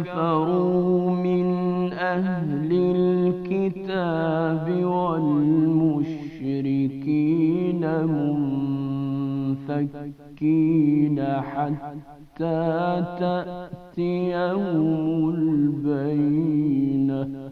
كفروا من أهل الكتاب والمشركين منفكين حتى تأتيهم البينة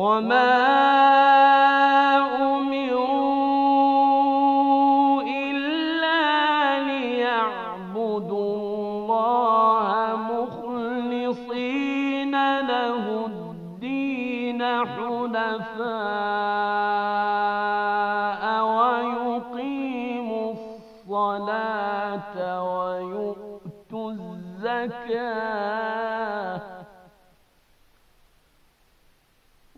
وما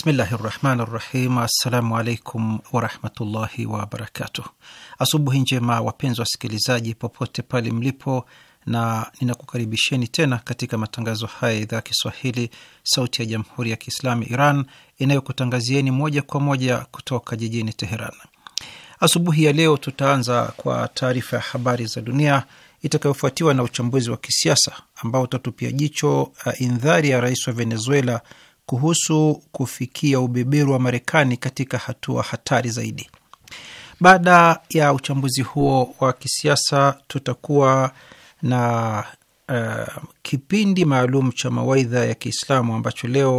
Bismillahi rahmani rahim. Assalamu alaikum warahmatullahi wabarakatuh. Asubuhi njema, wapenzi wasikilizaji popote pale mlipo, na ninakukaribisheni tena katika matangazo haya ya idhaa Kiswahili sauti ya jamhuri ya Kiislamu Iran inayokutangazieni moja kwa moja kutoka jijini Teheran. Asubuhi ya leo tutaanza kwa taarifa ya habari za dunia itakayofuatiwa na uchambuzi wa kisiasa ambao utatupia jicho uh, indhari ya rais wa Venezuela kuhusu kufikia ubeberu wa Marekani katika hatua hatari zaidi. Baada ya uchambuzi huo wa kisiasa, tutakuwa na uh, kipindi maalum cha mawaidha ya Kiislamu ambacho leo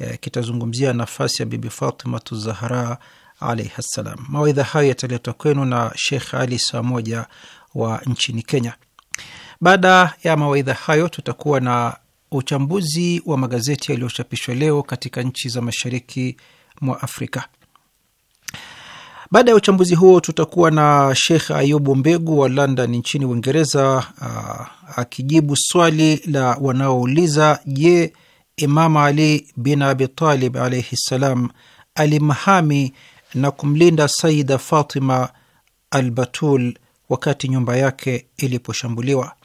uh, kitazungumzia nafasi ya Bibi Fatimatu Zahara alaihi ssalam. Mawaidha hayo yataletwa kwenu na shekh Ali saa moja wa nchini Kenya. Baada ya mawaidha hayo tutakuwa na uchambuzi wa magazeti yaliyochapishwa leo katika nchi za mashariki mwa Afrika. Baada ya uchambuzi huo, tutakuwa na Sheikh Ayubu Mbegu wa London nchini Uingereza uh, akijibu swali la wanaouliza, je, Imam Ali bin Abi Talib alaihi ssalam alimhami na kumlinda Sayida Fatima Albatul wakati nyumba yake iliposhambuliwa.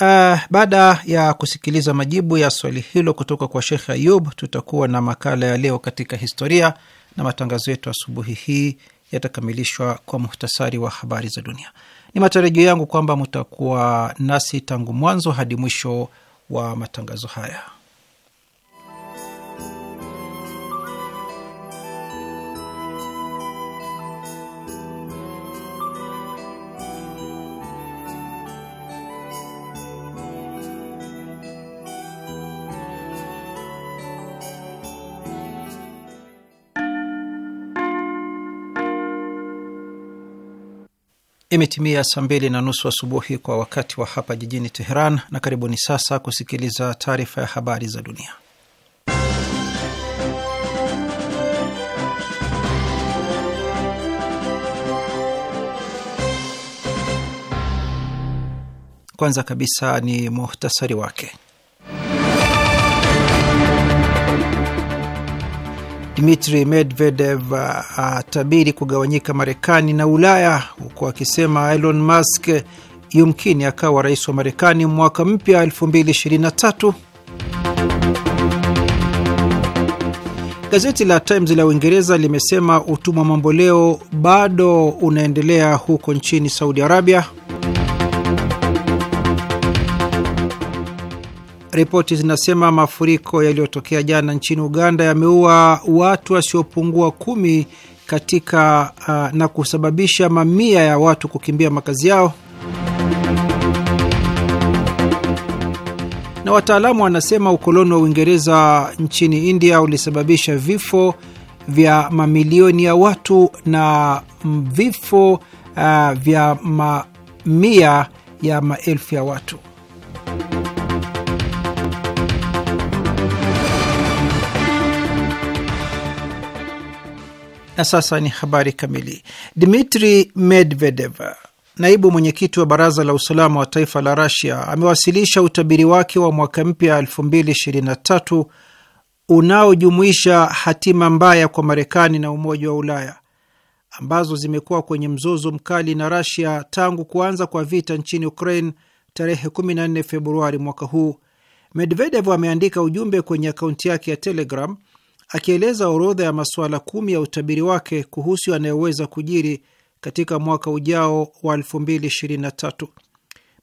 Uh, baada ya kusikiliza majibu ya swali hilo kutoka kwa Sheikh Ayub, tutakuwa na makala ya leo katika historia na matangazo yetu asubuhi hii yatakamilishwa kwa muhtasari wa habari za dunia. Ni matarajio yangu kwamba mutakuwa nasi tangu mwanzo hadi mwisho wa matangazo haya. Imetimia saa mbili na nusu asubuhi wa kwa wakati wa hapa jijini Teheran, na karibuni sasa kusikiliza taarifa ya habari za dunia. Kwanza kabisa ni muhtasari wake. Dmitri Medvedev uh, atabiri kugawanyika Marekani na Ulaya, huku akisema Elon Musk yumkini akawa rais wa Marekani mwaka mpya 2023. Gazeti la Times la Uingereza limesema utumwa mamboleo bado unaendelea huko nchini Saudi Arabia. Ripoti zinasema mafuriko yaliyotokea jana nchini Uganda yameua watu wasiopungua kumi katika uh, na kusababisha mamia ya watu kukimbia makazi yao. Na wataalamu wanasema ukoloni wa Uingereza nchini India ulisababisha vifo vya mamilioni ya watu na vifo uh, vya mamia ya maelfu ya watu. Na sasa ni habari kamili. Dmitri Medvedev, naibu mwenyekiti wa baraza la usalama wa taifa la Rasia, amewasilisha utabiri wake wa mwaka mpya 2023 unaojumuisha hatima mbaya kwa Marekani na Umoja wa Ulaya ambazo zimekuwa kwenye mzozo mkali na Rasia tangu kuanza kwa vita nchini Ukraine tarehe 14 Februari mwaka huu. Medvedev ameandika ujumbe kwenye akaunti yake ya Telegram akieleza orodha ya masuala kumi ya utabiri wake kuhusu yanayoweza kujiri katika mwaka ujao wa 2023.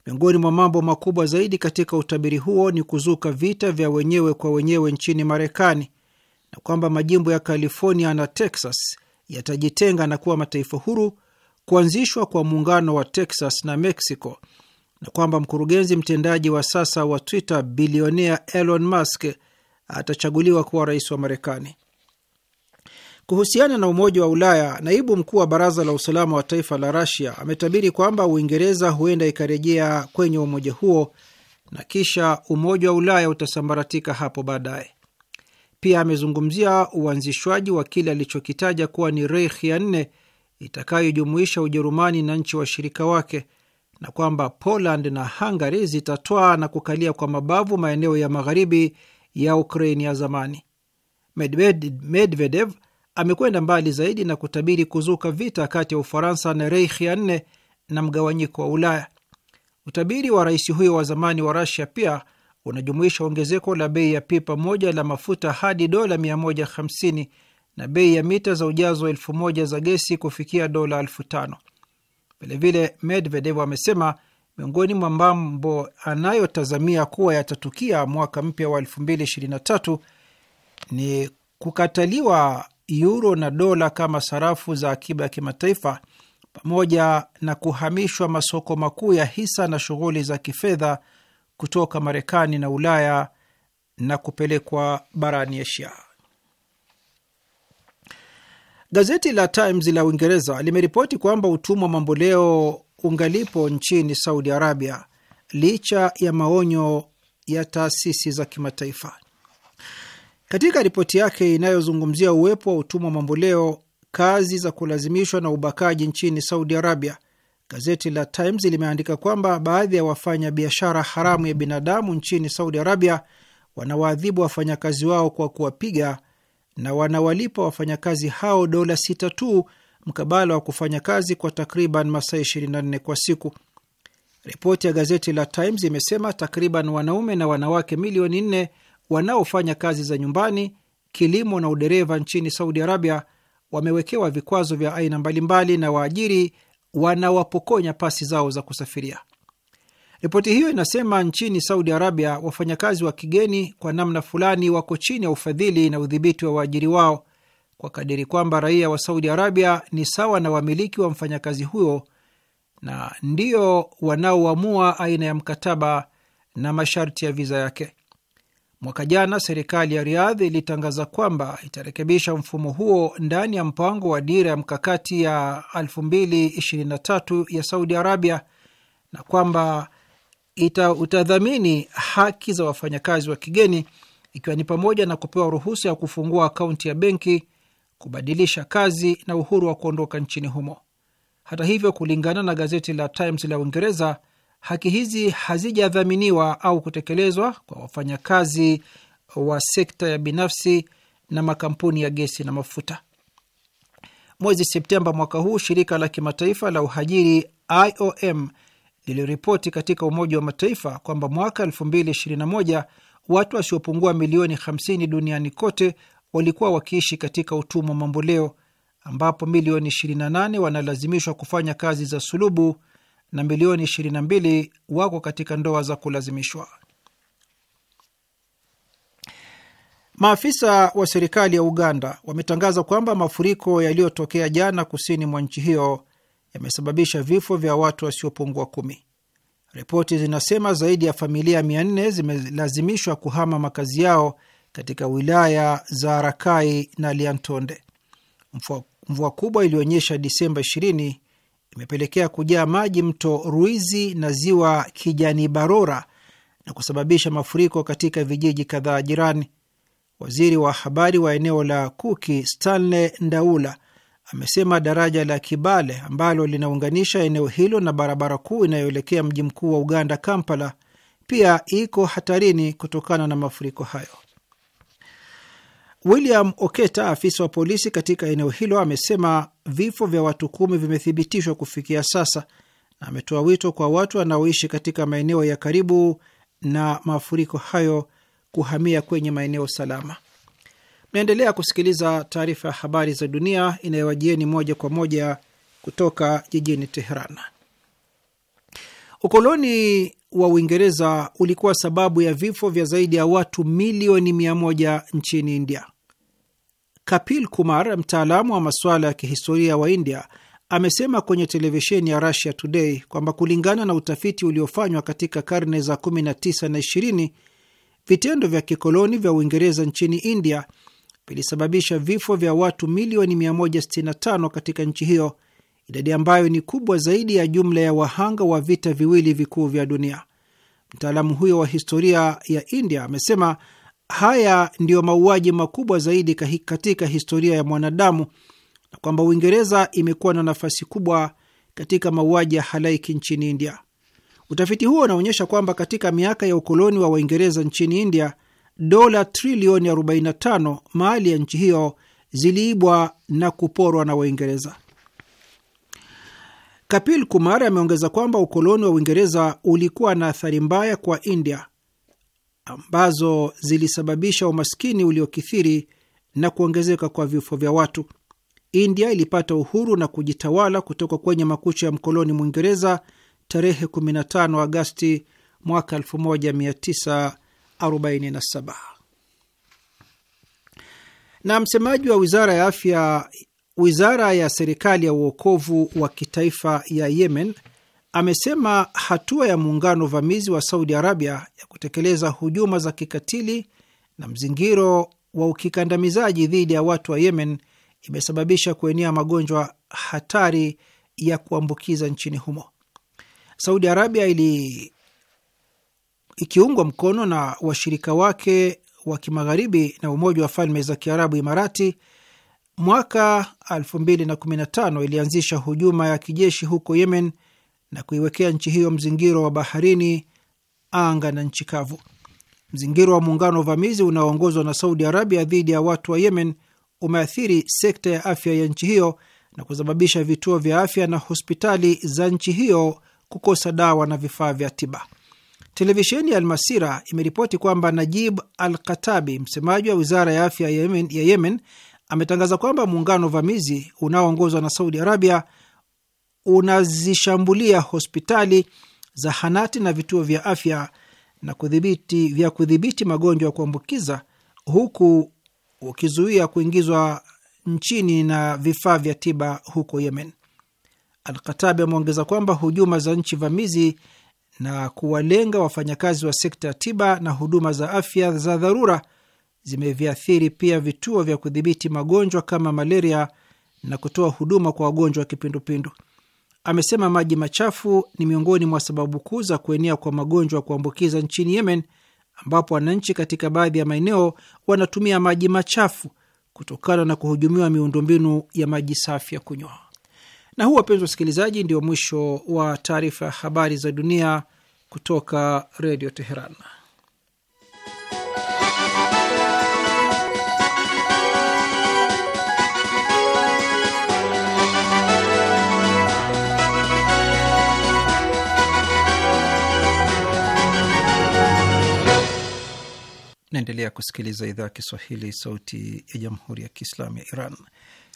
Miongoni mwa mambo makubwa zaidi katika utabiri huo ni kuzuka vita vya wenyewe kwa wenyewe nchini Marekani na kwamba majimbo ya California na Texas yatajitenga na kuwa mataifa huru, kuanzishwa kwa muungano wa Texas na Mexico na kwamba mkurugenzi mtendaji wa sasa wa Twitter bilionea Elon Musk atachaguliwa kuwa rais wa Marekani. Kuhusiana na Umoja wa Ulaya, naibu mkuu wa Baraza la Usalama wa Taifa la Rasia ametabiri kwamba Uingereza huenda ikarejea kwenye umoja huo na kisha Umoja wa Ulaya utasambaratika hapo baadaye. Pia amezungumzia uanzishwaji wa kile alichokitaja kuwa ni Reich ya nne itakayojumuisha Ujerumani na nchi washirika wake na kwamba Poland na Hungary zitatwaa na kukalia kwa mabavu maeneo ya magharibi ya Ukraine ya zamani. Medvedev amekwenda mbali zaidi na kutabiri kuzuka vita kati ya Ufaransa na Reich ya nne na mgawanyiko wa Ulaya. Utabiri wa rais huyo wa zamani wa Rasia pia unajumuisha ongezeko la bei ya pipa moja la mafuta hadi dola 150 na bei ya mita za ujazo elfu moja za gesi kufikia dola elfu tano. Vilevile Medvedev amesema miongoni mwa mambo anayotazamia kuwa yatatukia mwaka mpya wa 2023 ni kukataliwa yuro na dola kama sarafu za akiba ya kimataifa pamoja na kuhamishwa masoko makuu ya hisa na shughuli za kifedha kutoka Marekani na Ulaya na kupelekwa barani Asia. Gazeti la Times la Uingereza limeripoti kwamba utumwa mamboleo ungalipo nchini Saudi Arabia licha ya maonyo ya taasisi za kimataifa. Katika ripoti yake inayozungumzia uwepo wa utumwa mamboleo, kazi za kulazimishwa na ubakaji nchini Saudi Arabia, gazeti la Times limeandika kwamba baadhi ya wafanya biashara haramu ya binadamu nchini Saudi Arabia wanawaadhibu wafanyakazi wao kwa kuwapiga na wanawalipa wafanyakazi hao dola sita tu mkabala wa kufanya kazi kwa takriban masaa 24 kwa siku. Ripoti ya gazeti la Times imesema takriban wanaume na wanawake milioni nne wanaofanya kazi za nyumbani, kilimo na udereva nchini Saudi Arabia wamewekewa vikwazo vya aina mbalimbali na waajiri wanawapokonya pasi zao za kusafiria. Ripoti hiyo inasema nchini Saudi Arabia wafanyakazi wa kigeni kwa namna fulani wako chini ya ufadhili na udhibiti wa waajiri wao kwa kadiri kwamba raia wa Saudi Arabia ni sawa na wamiliki wa mfanyakazi huyo na ndiyo wanaoamua aina ya mkataba na masharti ya viza yake. Mwaka jana serikali ya Riyadh ilitangaza kwamba itarekebisha mfumo huo ndani ya mpango wa dira ya mkakati ya 2023 ya Saudi Arabia na kwamba ita utadhamini haki za wafanyakazi wa kigeni ikiwa ni pamoja na kupewa ruhusa ya kufungua akaunti ya benki kubadilisha kazi na uhuru wa kuondoka nchini humo. Hata hivyo, kulingana na gazeti la Times la Uingereza, haki hizi hazijadhaminiwa au kutekelezwa kwa wafanyakazi wa sekta ya binafsi na makampuni ya gesi na mafuta. Mwezi Septemba mwaka huu shirika la kimataifa la uhajiri IOM liliripoti katika Umoja wa Mataifa kwamba mwaka 2021 watu wasiopungua milioni 50 duniani kote walikuwa wakiishi katika utumwa mamboleo, ambapo milioni 28 wanalazimishwa kufanya kazi za sulubu na milioni 22 wako katika ndoa za kulazimishwa. Maafisa wa serikali ya Uganda wametangaza kwamba mafuriko yaliyotokea jana kusini mwa nchi hiyo yamesababisha vifo vya watu wasiopungua kumi. Ripoti zinasema zaidi ya familia 4 zimelazimishwa kuhama makazi yao katika wilaya za Rakai na Liantonde. Mvua, mvua kubwa iliyoonyesha Disemba 20 imepelekea kujaa maji mto Ruizi na ziwa Kijani Barora na kusababisha mafuriko katika vijiji kadhaa jirani. Waziri wa habari wa eneo la Kuki Stanley Ndaula amesema daraja la Kibale ambalo linaunganisha eneo hilo na barabara kuu inayoelekea mji mkuu wa Uganda, Kampala, pia iko hatarini kutokana na mafuriko hayo. William Oketa, afisa wa polisi katika eneo hilo, amesema vifo vya watu kumi vimethibitishwa kufikia sasa, na ametoa wito kwa watu wanaoishi katika maeneo ya karibu na mafuriko hayo kuhamia kwenye maeneo salama. Mnaendelea kusikiliza taarifa ya habari za dunia inayowajieni moja kwa moja kutoka jijini Teheran. Ukoloni wa Uingereza ulikuwa sababu ya vifo vya zaidi ya watu milioni mia moja nchini India. Kapil Kumar, mtaalamu wa masuala ya kihistoria wa India, amesema kwenye televisheni ya Russia Today kwamba kulingana na utafiti uliofanywa katika karne za 19 na 20 vitendo vya kikoloni vya Uingereza nchini India vilisababisha vifo vya watu milioni 165 katika nchi hiyo, idadi ambayo ni kubwa zaidi ya jumla ya wahanga wa vita viwili vikuu vya dunia. Mtaalamu huyo wa historia ya India amesema haya ndiyo mauaji makubwa zaidi katika historia ya mwanadamu na kwamba Uingereza imekuwa na nafasi kubwa katika mauaji ya halaiki nchini India. Utafiti huo unaonyesha kwamba katika miaka ya ukoloni wa Waingereza nchini India, dola trilioni 45 mali ya nchi hiyo ziliibwa na kuporwa na Waingereza. Kapil Kumar ameongeza kwamba ukoloni wa Uingereza ulikuwa na athari mbaya kwa India ambazo zilisababisha umaskini uliokithiri na kuongezeka kwa vifo vya watu. India ilipata uhuru na kujitawala kutoka kwenye makucha ya mkoloni Mwingereza tarehe 15 Agasti mwaka 1947. Na msemaji wa wizara ya afya, wizara ya serikali ya uokovu wa kitaifa ya Yemen amesema hatua ya muungano vamizi wa Saudi Arabia ya kutekeleza hujuma za kikatili na mzingiro wa ukikandamizaji dhidi ya watu wa Yemen imesababisha kuenea magonjwa hatari ya kuambukiza nchini humo. Saudi Arabia ili ikiungwa mkono na washirika wake wa kimagharibi na Umoja wa Falme za Kiarabu Imarati, mwaka 2015 ilianzisha hujuma ya kijeshi huko Yemen na kuiwekea nchi hiyo mzingiro wa baharini, anga na nchi kavu. Mzingiro wa muungano wa uvamizi unaoongozwa na Saudi Arabia dhidi ya watu wa Yemen umeathiri sekta ya afya ya nchi hiyo na kusababisha vituo vya afya na hospitali za nchi hiyo kukosa dawa na vifaa vya tiba. Televisheni ya Almasira imeripoti kwamba Najib Al Katabi, msemaji wa wizara ya afya ya Yemen, ya Yemen ametangaza kwamba muungano wa uvamizi unaoongozwa na Saudi Arabia unazishambulia hospitali, zahanati na vituo vya afya na kudhibiti, vya kudhibiti magonjwa ya kuambukiza huku ukizuia kuingizwa nchini na vifaa vya tiba huko Yemen. Alkatabi ameongeza kwamba hujuma za nchi vamizi na kuwalenga wafanyakazi wa sekta ya tiba na huduma za afya za dharura zimeviathiri pia vituo vya kudhibiti magonjwa kama malaria na kutoa huduma kwa wagonjwa wa kipindupindu amesema maji machafu ni miongoni mwa sababu kuu za kuenea kwa magonjwa ya kuambukiza nchini Yemen, ambapo wananchi katika baadhi ya maeneo wanatumia maji machafu kutokana na kuhujumiwa miundombinu ya maji safi ya kunywa. Na huu, wapenzi wasikilizaji, ndio mwisho wa taarifa ya habari za dunia kutoka Redio Teheran. Naendelea kusikiliza idhaa ya Kiswahili, sauti ya jamhuri ya kiislamu ya Iran.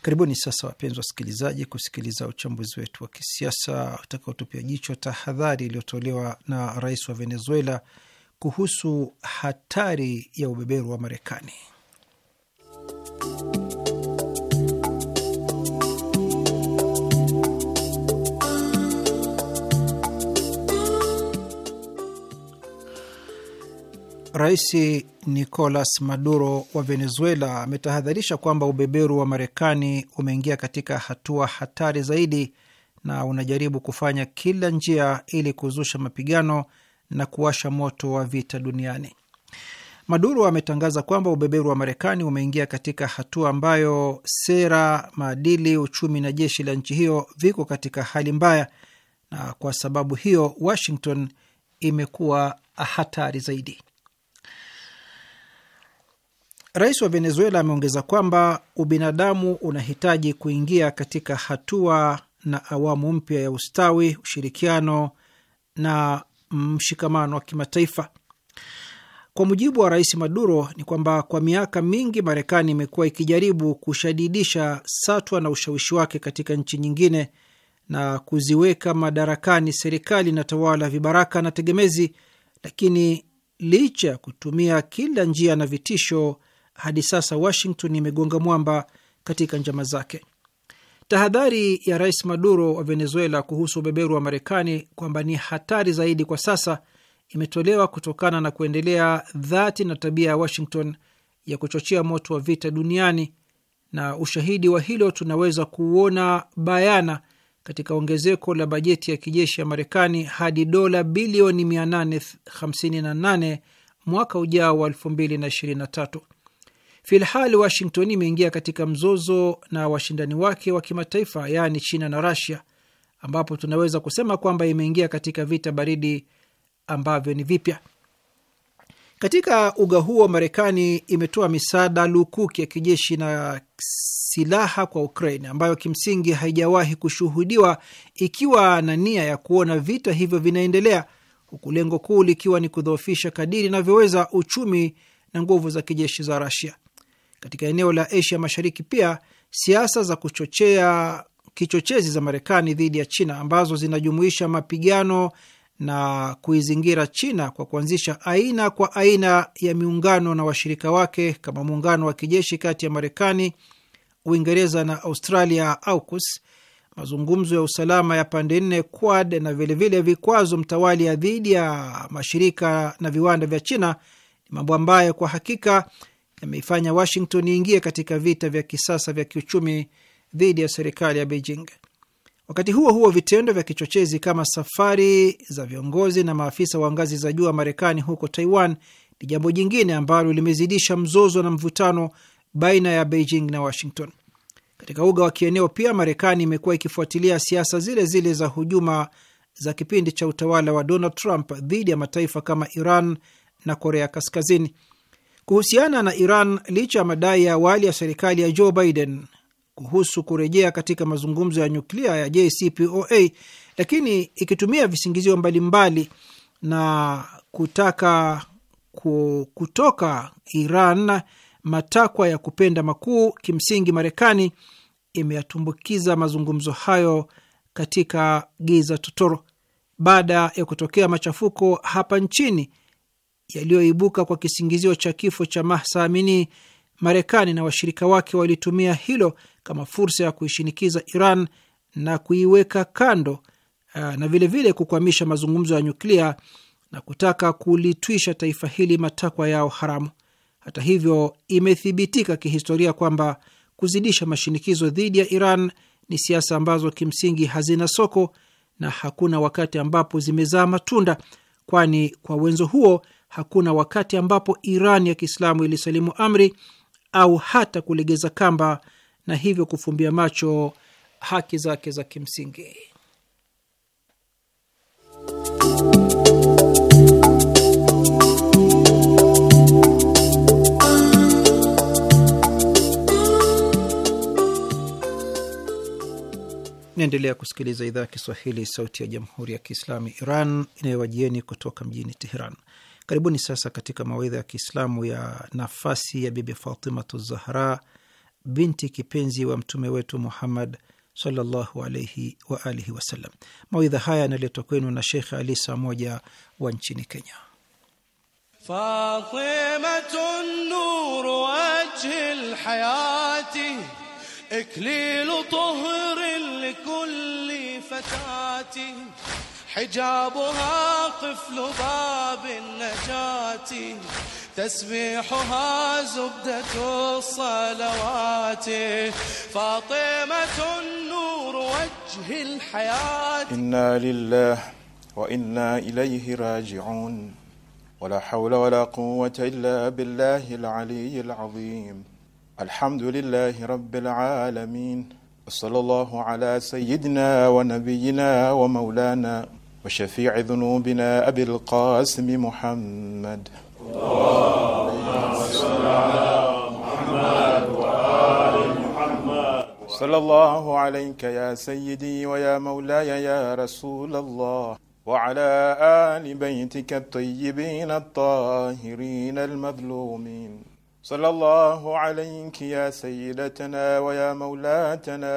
Karibuni sasa, wapenzi wasikilizaji, kusikiliza uchambuzi wetu wa kisiasa utakaotupia jicho tahadhari iliyotolewa na rais wa Venezuela kuhusu hatari ya ubeberu wa Marekani. Rais Nicolas Maduro wa Venezuela ametahadharisha kwamba ubeberu wa Marekani umeingia katika hatua hatari zaidi na unajaribu kufanya kila njia ili kuzusha mapigano na kuwasha moto wa vita duniani. Maduro ametangaza kwamba ubeberu wa Marekani umeingia katika hatua ambayo sera, maadili, uchumi na jeshi la nchi hiyo viko katika hali mbaya, na kwa sababu hiyo Washington imekuwa hatari zaidi. Rais wa Venezuela ameongeza kwamba ubinadamu unahitaji kuingia katika hatua na awamu mpya ya ustawi, ushirikiano na mshikamano wa kimataifa. Kwa mujibu wa Rais Maduro ni kwamba kwa miaka mingi Marekani imekuwa ikijaribu kushadidisha satwa na ushawishi wake katika nchi nyingine na kuziweka madarakani serikali na tawala vibaraka na tegemezi, lakini licha ya kutumia kila njia na vitisho hadi sasa Washington imegonga mwamba katika njama zake. Tahadhari ya Rais Maduro wa Venezuela kuhusu ubeberu wa Marekani kwamba ni hatari zaidi kwa sasa imetolewa kutokana na kuendelea dhati na tabia ya Washington ya kuchochea moto wa vita duniani, na ushahidi wa hilo tunaweza kuona bayana katika ongezeko la bajeti ya kijeshi ya Marekani hadi dola bilioni 858 mwaka ujao wa 2023. Filhali Washington imeingia katika mzozo na washindani wake wa kimataifa, yaani China na Rasia, ambapo tunaweza kusema kwamba imeingia katika vita baridi ambavyo ni vipya. Katika uga huo, Marekani imetoa misaada lukuki ya kijeshi na silaha kwa Ukraine ambayo kimsingi haijawahi kushuhudiwa, ikiwa na nia ya kuona vita hivyo vinaendelea, huku lengo kuu likiwa ni kudhoofisha kadiri inavyoweza uchumi na nguvu za kijeshi za Rasia. Katika eneo la Asia Mashariki pia siasa za kuchochea kichochezi za Marekani dhidi ya China ambazo zinajumuisha mapigano na kuizingira China kwa kuanzisha aina kwa aina ya miungano na washirika wake kama muungano wa kijeshi kati ya Marekani, Uingereza na Australia, AUKUS, mazungumzo ya usalama ya pande nne, Quad, na vilevile vikwazo mtawalia dhidi ya mashirika na viwanda vya China ni mambo ambayo kwa hakika yameifanya Washington iingie katika vita vya kisasa vya kiuchumi dhidi ya serikali ya Beijing. Wakati huo huo, vitendo vya kichochezi kama safari za viongozi na maafisa wa ngazi za juu wa Marekani huko Taiwan ni jambo jingine ambalo limezidisha mzozo na mvutano baina ya Beijing na Washington. Katika uga wa kieneo pia, Marekani imekuwa ikifuatilia siasa zile zile za hujuma za kipindi cha utawala wa Donald Trump dhidi ya mataifa kama Iran na Korea Kaskazini. Kuhusiana na Iran, licha ya madai ya awali ya serikali ya Joe Biden kuhusu kurejea katika mazungumzo ya nyuklia ya JCPOA, lakini ikitumia visingizio mbalimbali na kutaka kutoka Iran matakwa ya kupenda makuu, kimsingi Marekani imeyatumbukiza mazungumzo hayo katika giza totoro. Baada ya kutokea machafuko hapa nchini yaliyoibuka kwa kisingizio cha kifo cha Mahsa Amini, Marekani na washirika wake walitumia hilo kama fursa ya kuishinikiza Iran na kuiweka kando eh, na vilevile vile kukwamisha mazungumzo ya nyuklia na kutaka kulitwisha taifa hili matakwa yao haramu. Hata hivyo, imethibitika kihistoria kwamba kuzidisha mashinikizo dhidi ya Iran ni siasa ambazo kimsingi hazina soko na hakuna wakati ambapo zimezaa matunda, kwani kwa wenzo huo hakuna wakati ambapo Iran ya Kiislamu ilisalimu amri au hata kulegeza kamba na hivyo kufumbia macho haki zake za kimsingi. Naendelea kusikiliza idhaa ya Kiswahili, sauti ya jamhuri ya Kiislamu Iran inayowajieni kutoka mjini Teheran. Karibuni sasa katika mawaidha ya Kiislamu ya nafasi ya Bibi Fatimatu Zahra, binti kipenzi wa mtume wetu Muhammad sallallahu alaihi wa alihi wasallam. Mawaidha haya yanaletwa kwenu na Shekhe Ali Saa Moja wa nchini Kenya. Fatimatu nuru iklilu tuhri likulli fatati حجابها قفل باب النجاة تسبيحها زبدة الصلوات فاطمة النور وجه الحياة إنا لله وإنا إليه راجعون ولا حول ولا قوة إلا بالله العلي العظيم الحمد لله رب العالمين وصلى الله على سيدنا ونبينا ومولانا وشفيع ذنوبنا أبي القاسم محمد اللهم صل على محمد وآل محمد صلى الله عليك يا سيدي ويا مولاي يا رسول الله وعلى آل بيتك الطيبين الطاهرين المظلومين صلى الله عليك يا سيدتنا ويا مولاتنا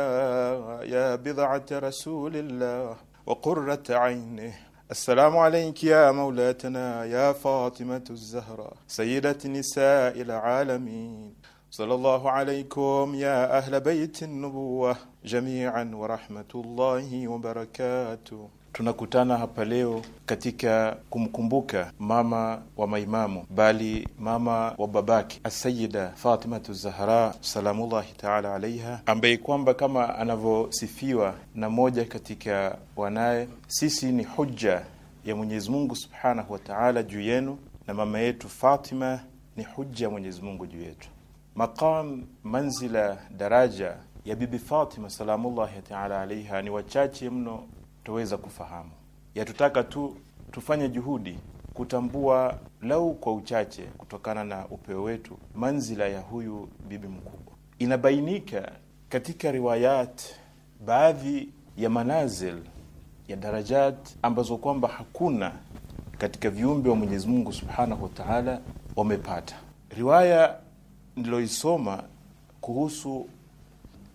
يا بضعة رسول الله وقرة عينه السلام عليك يا مولاتنا يا فاطمة الزهراء سيدة نساء العالمين صلى الله عليكم يا أهل بيت النبوة جميعا ورحمة الله وبركاته tunakutana hapa leo katika kumkumbuka mama wa maimamu, bali mama wa babake Asayida Fatimatu Zahra salamullahi taala alaiha, ambaye kwamba kama anavyosifiwa na moja katika wanaye, sisi ni hujja ya Mwenyezi Mungu subhanahu wa taala juu yenu, na mama yetu Fatima ni hujja ya Mwenyezi Mungu juu yetu. Maqam, manzila, daraja ya Bibi Fatima salamullahi taala alaiha ni wachache mno tuweza kufahamu. Yatutaka tu tufanye juhudi kutambua lau kwa uchache, kutokana na upeo wetu, manzila ya huyu bibi mkubwa. Inabainika katika riwayat baadhi ya manazil ya darajat ambazo kwamba hakuna katika viumbe wa Mwenyezi Mungu Subhanahu wa Ta'ala wamepata. Riwaya niloisoma kuhusu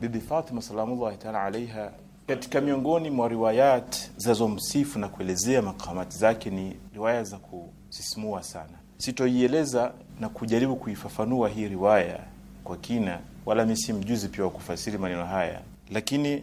Bibi Fatima salamullahi taala alaiha katika miongoni mwa riwayat zinazomsifu na kuelezea makamati zake ni riwaya za kusisimua sana. Sitoieleza na kujaribu kuifafanua hii riwaya kwa kina, wala mi si mjuzi pia wa kufasiri maneno haya, lakini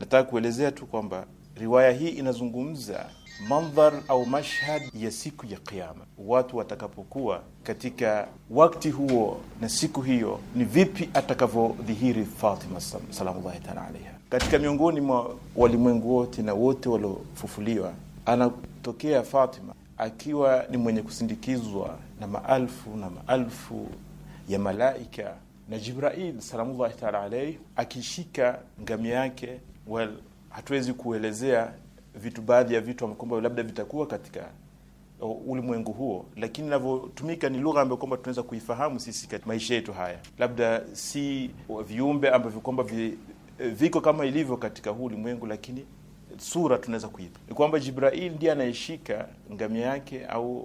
nataka kuelezea tu kwamba riwaya hii inazungumza mandhar au mashhad ya siku ya kiama watu watakapokuwa katika wakti huo na siku hiyo, ni vipi atakavyodhihiri Fatima salamullahi taala alaiha katika miongoni mwa walimwengu wote na wote waliofufuliwa, anatokea Fatima akiwa ni mwenye kusindikizwa na maalfu na maalfu ya malaika na Jibrail salamullahi taala alaihi akishika ngamia yake. Well, hatuwezi kuelezea vitu, baadhi ya vitu ambavyo kwamba labda vitakuwa katika ulimwengu huo, lakini inavyotumika ni lugha ambayo kwamba tunaweza kuifahamu sisi katika maisha yetu haya, labda si viumbe ambavyo kwamba vi Eh, viko kama ilivyo katika huu ulimwengu, lakini sura tunaweza kuipa ni kwamba Jibrail ndiye anayeshika ngamia yake au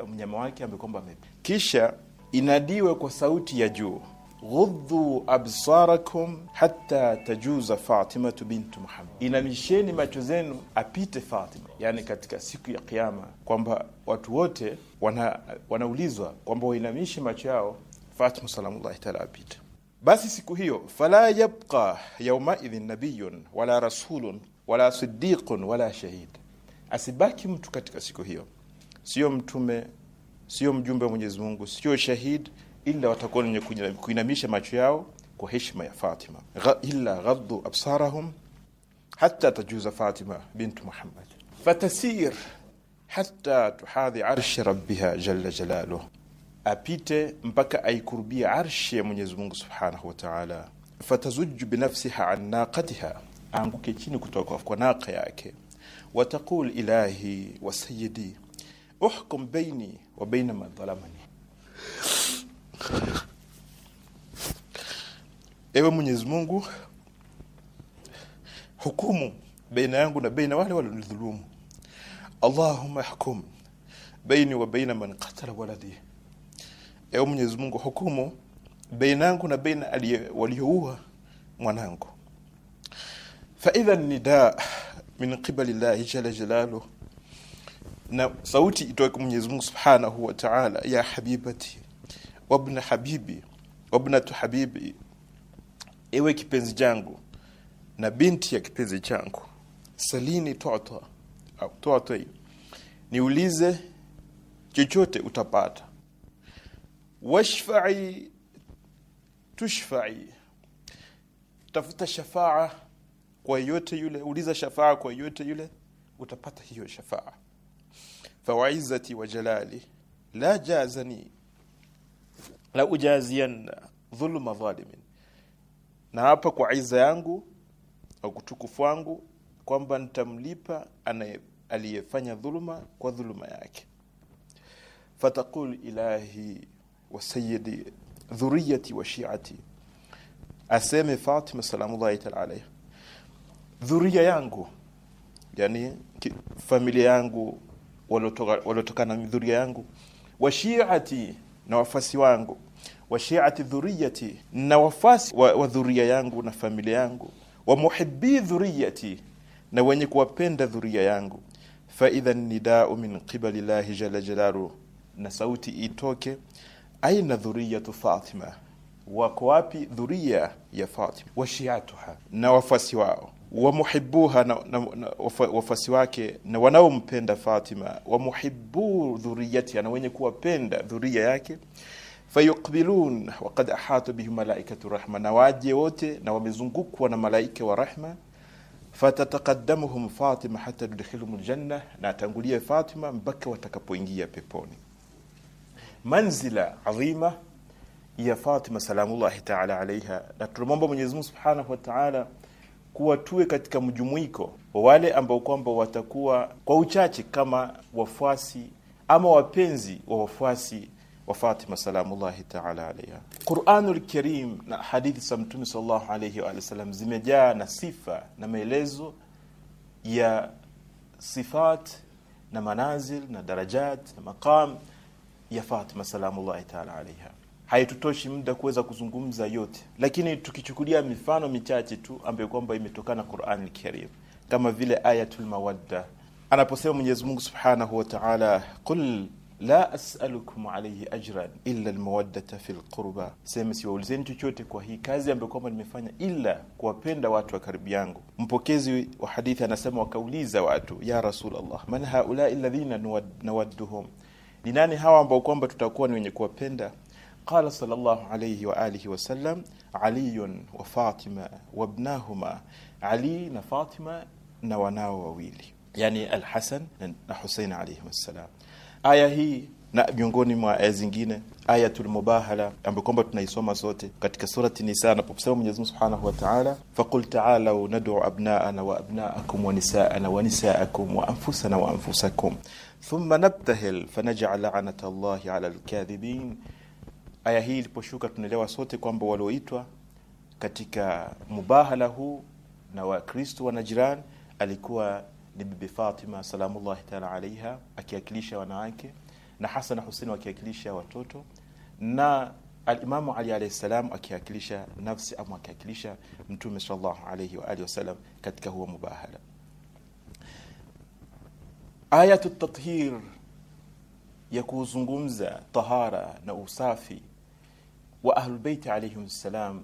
uh, mnyama wake ambaye kwamba amepa, kisha inadiwe kwa sauti ya juu, ghuddu absarakum hatta tajuza Fatimatu bintu Muhammad, inamisheni macho zenu apite Fatima. Yani katika siku ya Kiyama kwamba watu wote wana, wanaulizwa kwamba wainamishe macho yao Fatima salamullahi taala apite basi siku hiyo fala yabqa yaumaidhin nabiyun wala rasulun wala sidiqun wala shahid, asibaki mtu katika siku hiyo, sio mtume, sio mjumbe wa Mwenyezi Mungu, sio shahid, ila watakuwa wenye kuinamisha macho yao kwa heshima ya Fatima, illa ghaddu absarahum hatta tajuza Fatima bintu Muhammad fatasir hatta tuhadhi arshi rabbiha jalla jalaluhu apite mpaka aikurubie arshi ya Mwenyezi Mungu subhanahu wa taala. Fatazuju binafsiha an naqatiha, aanguke chini kutoka kwa naqa yake. Wataqul ilahi wa sayidi uhkum baini wa baina man dhalamani, ewe Mwenyezi Mungu hukumu baina yangu na baina wale walionidhulumu. Allahumma hukum baini wa baina man qatala waladi ewe Mwenyezi Mungu, hukumu baina yangu na baina walioua mwanangu. Fa idha nidaa min qibali llahi jalla jalalu na sauti itoke Mwenyezi Mungu subhanahu wa ta'ala, ya habibati wabna habibi wabnatu habibi, ewe kipenzi changu na binti ya kipenzi changu, salini tuta au tuta, niulize chochote utapata washfa'i tushfa'i tafuta shafaa kwa yote yule uliza shafaa kwa yote yule utapata hiyo shafaa fawaizati wa jalali la jazani la ujazianna dhulma zalimin na hapa kwa iza yangu au kutukufu wangu kwamba nitamlipa aliyefanya dhuluma kwa dhuluma yake fatakul ilahi wa sayyidi dhuriyati wa shi'ati, aseme Fatima salamullahi taala alayha, dhuria yangu, yani familia yangu waliotokana na dhuria yangu, wa shi'ati, na wafasi wangu, wa shi'ati dhuriyati, na wafasi wa, wa dhuria yangu na familia yangu, wa muhibbi dhuriyati, na wenye kuwapenda dhuria yangu faidha nidau min qibali llahi jalla jalalu, na sauti itoke aina dhuriyatu Fatima, wako wapi dhuria ya Fatima? Washiatuha, na wafuasi wao wamuhibuha na, na, na wafuasi wake na wanaompenda Fatima, wamuhibu dhuriyatiha, na wenye kuwapenda dhuria yake. Fayuqbilun wakad ahata bihi malaikatu rahma, na waje wote na wamezungukwa na malaika wa rahma. Fatataqaddamuhum Fatima hata tudkhilhum ljanna, na atangulie Fatima mpaka watakapoingia peponi manzila adhima ya Fatima salamullahi ta'ala alaiha, na tunamwomba Mwenyezi Mungu Subhanahu wa Ta'ala kuwa tuwe katika mjumuiko wa wale ambao kwamba watakuwa kwa uchache kama wafuasi ama wapenzi wa wafuasi wa Fatima salamullahi ta'ala alaiha. Qur'anul Karim na hadithi za Mtume sallallahu alayhi wa sallam zimejaa na sifa na maelezo ya sifat na manazil na darajat na maqam ya Fatima salamullahi taala alaiha. Haitutoshi muda kuweza kuzungumza yote, lakini tukichukulia mifano michache tu ambayo kwamba imetokana Qurani Lkarim, kama vile ayatul mawadda anaposema Mwenyezi Mungu subhanahu wa taala, qul la asalukum alaihi ajran illa lmawaddata fi lqurba, sema siwaulizeni chochote kwa hii kazi ambayo kwamba nimefanya ila kuwapenda watu wa karibu yangu. Mpokezi wa hadithi anasema wakauliza watu, ya Rasul Allah, man haulai ladhina nawadduhum ni nani hawa ambao kwamba tutakuwa ni wenye kuwapenda? Qala sallallahu alayhi wa alihi wasallam, aliyun wa Fatima wabnahuma, Ali na Fatima na wanao wawili, yani Alhasan na Husein alayhi wassalam. Aya hii na miongoni mwa aya zingine Ayatul Mubahala ambayo kwamba tunaisoma sote katika surati Nisa anaposema Mwenyezi Mungu Subhanahu wa Ta'ala, faqul ta'alau nad'u abna'ana wa abna'akum wa nisa'ana wa nisa'akum wa anfusana wa anfusakum thumma nabtahil fanaj'al la'nata llahi 'ala al-kadhibin. Aya hii iliposhuka, tunaelewa sote kwamba walioitwa katika mubahala huu na Wakristo wa Najran alikuwa ni Bibi Fatima salamullahi taala alaiha, akiakilisha wanawake na Hasan na Husein wakiwakilisha watoto na Alimamu Ali alaihi salam akiwakilisha nafsi ama akiakilisha Mtume sallallahu alaihi wa alihi wasallam katika huo mubahala. Aya tathir ya kuzungumza tahara na usafi wa ahlulbeiti alaihim ssalam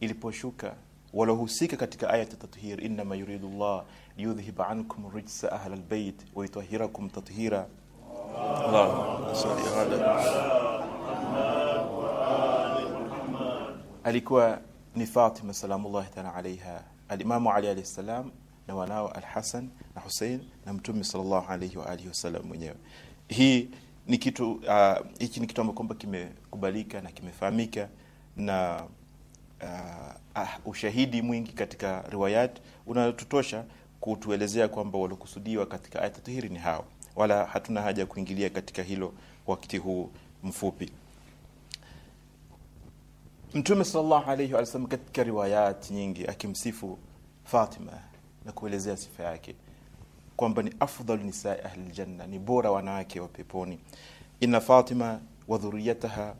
iliposhuka walohusika katika ayat tathir, innama yuridu llah liyudhhiba ankum rijsa ahla lbeit waitahirakum tathira. Alikuwa ni Fatima salamullahi taala alaiha. Alimamu Ali alaihi ssalam na wanao Alhasan na Husein na Mtume sallallahu alayhi wa alihi wasallam mwenyewe. Hii ni kitu uh, hichi ni kitu ambacho kwamba kimekubalika na kimefahamika na uh, uh, ushahidi mwingi katika riwayat unatutosha kutuelezea kwamba waliokusudiwa katika aya tahiri ni hao, wala hatuna haja ya kuingilia katika hilo wakati huu mfupi. Mtume sallallahu alayhi wa sallam katika riwayat nyingi akimsifu Fatima na kuelezea sifa yake kwamba ni afdhalu nisai ahli ljanna, ni bora wanawake wa peponi. Inna Fatima wa dhuriyataha,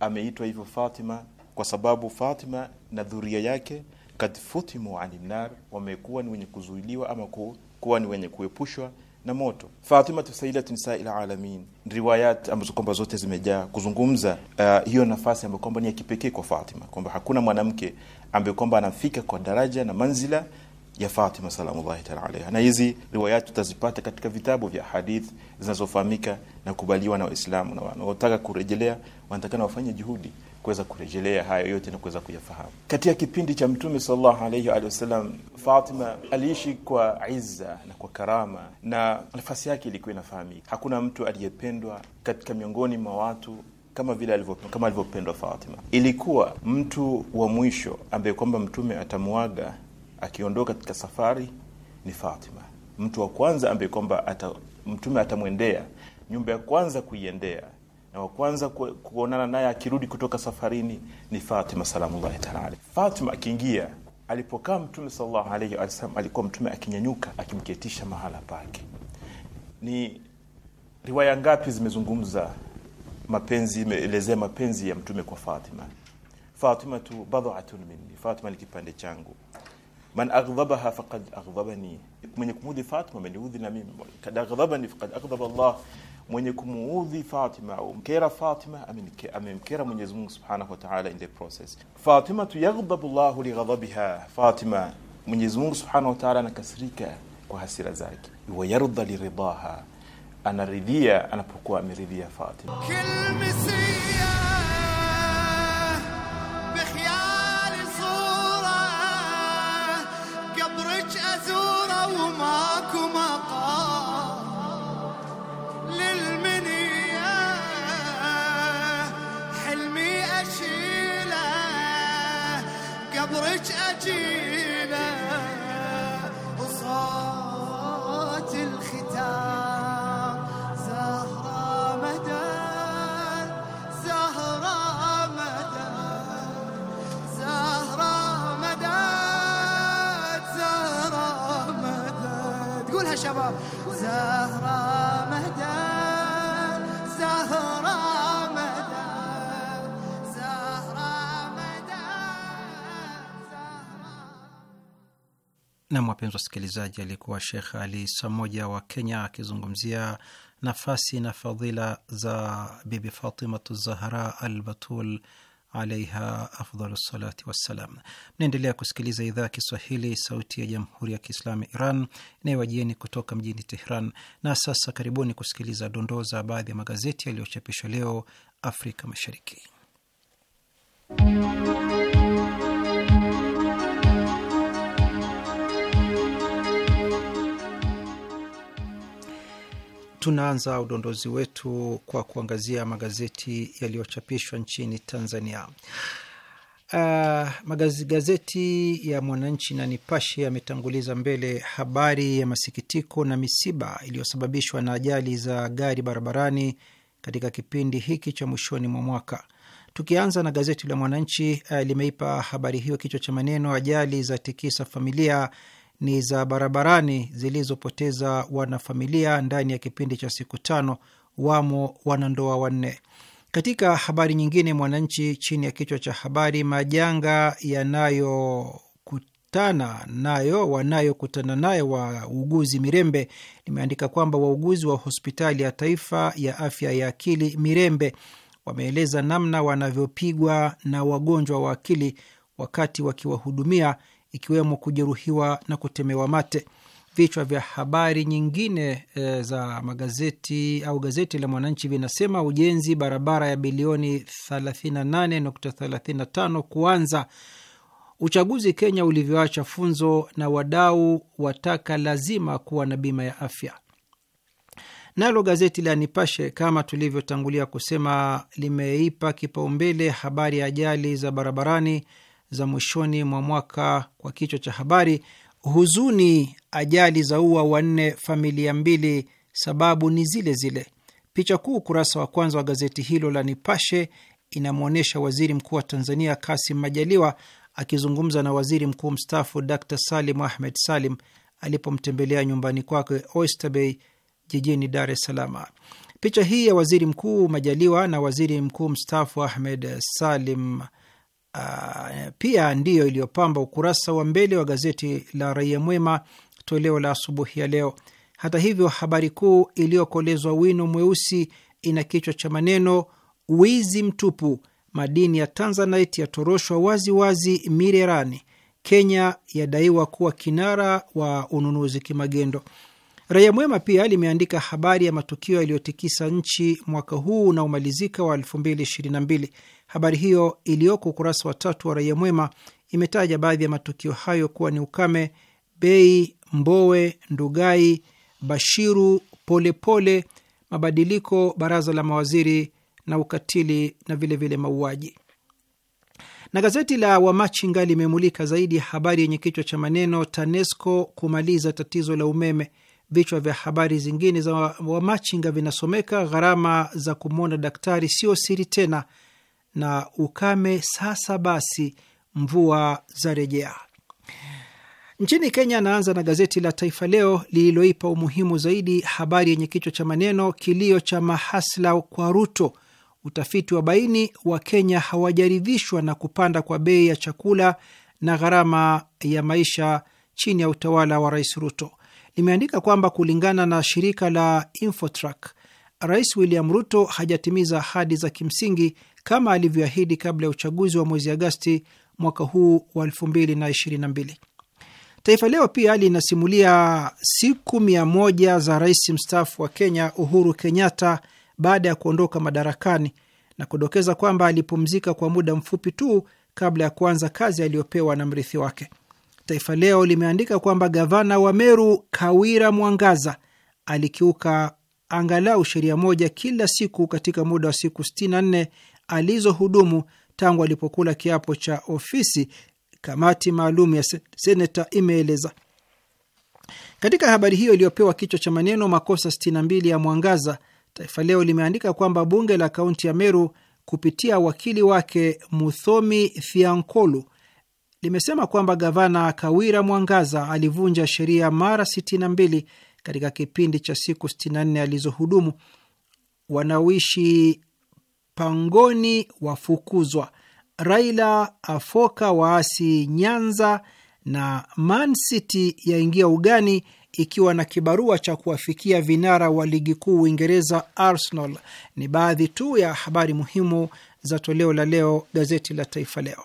ameitwa hivyo Fatima kwa sababu Fatima na dhuria yake kad futimu ani nar, wamekuwa ni wenye kuzuiliwa ama ku, kuwa ni wenye kuepushwa na moto. Fatima tusaidatu nisai alalamin, riwayat ambazo kwamba zote zimejaa kuzungumza uh, hiyo nafasi ambayo kwamba ni ya kipekee kwa Fatima, kwamba hakuna mwanamke ambaye kwamba anafika kwa daraja na manzila ya Fatima salamullahi taala alaiha. Na hizi riwayati tutazipata katika vitabu vya hadithi zinazofahamika na kubaliwa na Waislamu, na wanaotaka kurejelea wanatakana wafanye juhudi kuweza kurejelea hayo yote na kuweza kuyafahamu. Katika kipindi cha Mtume sallallahu alaihi wa sallam, Fatima aliishi kwa izza na kwa karama, na nafasi yake ilikuwa inafahamika. Hakuna mtu aliyependwa katika miongoni mwa watu kama vile alivyopendwa, kama alivyopendwa Fatima. Ilikuwa mtu wa mwisho ambaye kwamba Mtume atamuaga akiondoka katika safari ni Fatima, mtu wa kwanza ambaye kwamba ata, mtume atamwendea nyumba ya kwanza kuiendea na wa kwanza ku, kuonana naye akirudi kutoka safarini ni Fatima salamullahi taala alayhi. Fatima akiingia alipokaa mtume sallallahu alayhi wasallam, alikuwa mtume akinyanyuka akimketisha mahala pake. Ni riwaya ngapi zimezungumza mapenzi, imeelezea mapenzi ya mtume kwa Fatima. Fatimatu badhatun minni, Fatima ni kipande changu man aghdhabaha faqad aghdhabani, mwenye kumuudhi Fatima ameniudhi na mimi. Kad aghdhabani faqad aghdhaba Allah, mwenye kumuudhi Fatima au mkera Fatima amemkera Mwenyezi Mungu Subhanahu wa Ta'ala in the process. Fatima tu yaghdhabu Allah li ghadhabiha, Fatima Mwenyezi Mungu Subhanahu wa Ta'ala anakasirika kwa hasira zake. Wa yarda li ridaha, anaridhia anapokuwa ameridhia Fatima. Nam, wapenzi wasikilizaji, alikuwa Shekh Ali Samoja wa Kenya akizungumzia nafasi na fadhila za Bibi Fatimatu Zahra al Batul alaiha afdhalu salati wassalam. Mnaendelea kusikiliza idhaa ya Kiswahili, sauti ya jamhuri ya kiislamu ya Iran inayowajieni kutoka mjini Tehran. Na sasa karibuni kusikiliza dondoo za baadhi ya magazeti yaliyochapishwa leo Afrika Mashariki. Tunaanza udondozi wetu kwa kuangazia magazeti yaliyochapishwa nchini Tanzania. Uh, magazeti ya Mwananchi na Nipashe yametanguliza mbele habari ya masikitiko na misiba iliyosababishwa na ajali za gari barabarani katika kipindi hiki cha mwishoni mwa mwaka. Tukianza na gazeti la Mwananchi, uh, limeipa habari hiyo kichwa cha maneno, ajali za tikisa familia ni za barabarani zilizopoteza wanafamilia ndani ya kipindi cha siku tano, wamo wanandoa wanne. Katika habari nyingine, Mwananchi chini ya kichwa cha habari majanga yanayokutana nayo wanayokutana nayo wauguzi Mirembe, limeandika kwamba wauguzi wa hospitali ya taifa ya afya ya akili Mirembe wameeleza namna wanavyopigwa na wagonjwa wa akili wakati wakiwahudumia ikiwemo kujeruhiwa na kutemewa mate. Vichwa vya habari nyingine e, za magazeti au gazeti la Mwananchi vinasema ujenzi barabara ya bilioni 38.35 kuanza, uchaguzi Kenya ulivyoacha funzo, na wadau wataka lazima kuwa na bima ya afya. Nalo gazeti la Nipashe kama tulivyotangulia kusema limeipa kipaumbele habari ya ajali za barabarani za mwishoni mwa mwaka kwa kichwa cha habari huzuni, ajali za ua wanne familia mbili, sababu ni zile zile. Picha kuu ukurasa wa kwanza wa gazeti hilo la Nipashe inamwonyesha waziri mkuu wa Tanzania Kasim Majaliwa akizungumza na waziri mkuu mstaafu Dr Salim Ahmed Salim alipomtembelea nyumbani kwake Oyster Bay jijini Dar es Salaam. Picha hii ya waziri mkuu Majaliwa na waziri mkuu mstaafu Ahmed Salim uh, pia ndiyo iliyopamba ukurasa wa mbele wa gazeti la Raia Mwema toleo la asubuhi ya leo. Hata hivyo, habari kuu iliyokolezwa wino mweusi ina kichwa cha maneno wizi mtupu, madini ya Tanzanite yatoroshwa waziwazi Mirerani, Kenya yadaiwa kuwa kinara wa ununuzi kimagendo. Raia Mwema pia limeandika habari ya matukio yaliyotikisa nchi mwaka huu unaomalizika wa 2022. Habari hiyo iliyoko ukurasa wa tatu wa Raia Mwema imetaja baadhi ya matukio hayo kuwa ni ukame, bei, Mbowe, Ndugai, Bashiru, Polepole pole, mabadiliko, baraza la mawaziri na ukatili na vilevile mauaji. Na gazeti la Wamachinga limemulika zaidi habari yenye kichwa cha maneno TANESCO kumaliza tatizo la umeme Vichwa vya habari zingine za wamachinga vinasomeka gharama za kumwona daktari sio siri tena, na ukame sasa basi mvua za rejea. Nchini Kenya, anaanza na gazeti la Taifa Leo lililoipa umuhimu zaidi habari yenye kichwa cha maneno kilio cha mahasla kwa Ruto, utafiti wa baini wa Kenya hawajaridhishwa na kupanda kwa bei ya chakula na gharama ya maisha chini ya utawala wa Rais Ruto limeandika kwamba kulingana na shirika la Infotrack, Rais William Ruto hajatimiza ahadi za kimsingi kama alivyoahidi kabla ya uchaguzi wa mwezi Agasti mwaka huu wa 2022. Taifa Leo pia linasimulia siku mia moja za rais mstaafu wa Kenya Uhuru Kenyatta baada ya kuondoka madarakani na kudokeza kwamba alipumzika kwa muda mfupi tu kabla ya kuanza kazi aliyopewa na mrithi wake. Taifa Leo limeandika kwamba gavana wa Meru Kawira Mwangaza alikiuka angalau sheria moja kila siku katika muda wa siku 64 alizohudumu tangu alipokula kiapo cha ofisi, kamati maalum ya seneta imeeleza katika habari hiyo iliyopewa kichwa cha maneno makosa 62 ya Mwangaza. Taifa Leo limeandika kwamba bunge la kaunti ya Meru kupitia wakili wake Muthomi Thiankolu limesema kwamba gavana Kawira Mwangaza alivunja sheria mara 62 katika kipindi cha siku 64 alizohudumu. Wanaoishi pangoni wafukuzwa. Raila afoka waasi Nyanza na Man City yaingia ugani ikiwa na kibarua cha kuwafikia vinara wa ligi kuu Uingereza, Arsenal. Ni baadhi tu ya habari muhimu za toleo la leo gazeti la Taifa Leo.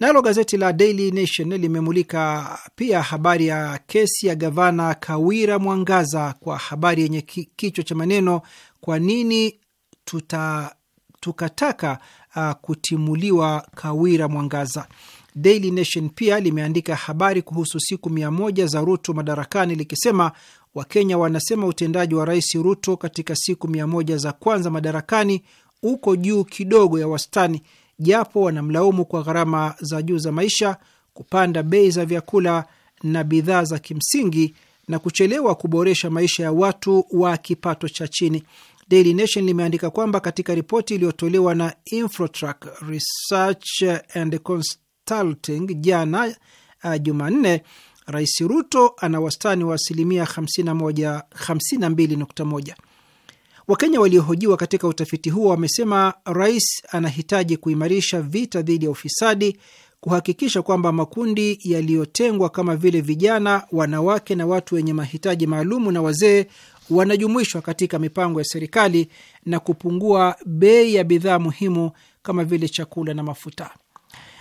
Nalo gazeti la Daily Nation limemulika pia habari ya kesi ya gavana Kawira Mwangaza kwa habari yenye kichwa cha maneno kwa nini tuta, tukataka uh, kutimuliwa Kawira Mwangaza. Daily Nation pia limeandika habari kuhusu siku mia moja za Ruto madarakani likisema Wakenya wanasema utendaji wa Rais Ruto katika siku mia moja za kwanza madarakani uko juu kidogo ya wastani japo wanamlaumu kwa gharama za juu za maisha, kupanda bei za vyakula na bidhaa za kimsingi na kuchelewa kuboresha maisha ya watu wa kipato cha chini. Daily Nation limeandika kwamba katika ripoti iliyotolewa na Research and Consulting jana uh, Jumanne, Rais Ruto ana wastani wa asilimia 52.1. Wakenya waliohojiwa katika utafiti huo wamesema rais anahitaji kuimarisha vita dhidi ya ufisadi, kuhakikisha kwamba makundi yaliyotengwa kama vile vijana, wanawake na watu wenye mahitaji maalumu na wazee wanajumuishwa katika mipango ya serikali na kupungua bei ya bidhaa muhimu kama vile chakula na mafuta.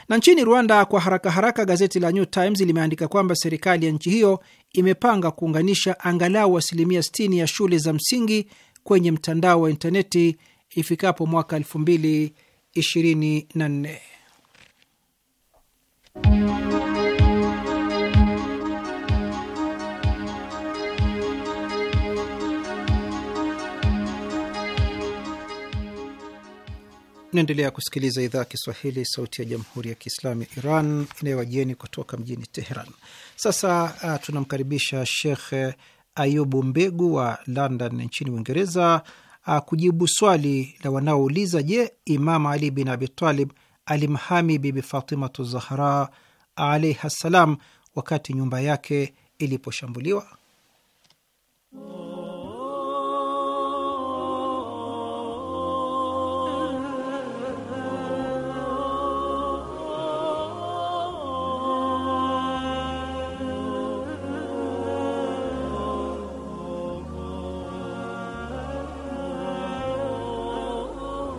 Na nchini Rwanda, kwa haraka haraka, gazeti la New Times limeandika kwamba serikali ya nchi hiyo imepanga kuunganisha angalau asilimia 60 ya shule za msingi kwenye mtandao wa intaneti ifikapo mwaka 2024. Naendelea kusikiliza idhaa ya Kiswahili, sauti ya jamhuri ya kiislamu ya Iran inayowajieni kutoka mjini Teheran. Sasa uh, tunamkaribisha shekhe Ayubu Mbegu wa London nchini Uingereza kujibu swali la wanaouliza, je, Imam Ali bin Abitalib alimhami Bibi Fatimatu Zahra alaihi ssalam wakati nyumba yake iliposhambuliwa?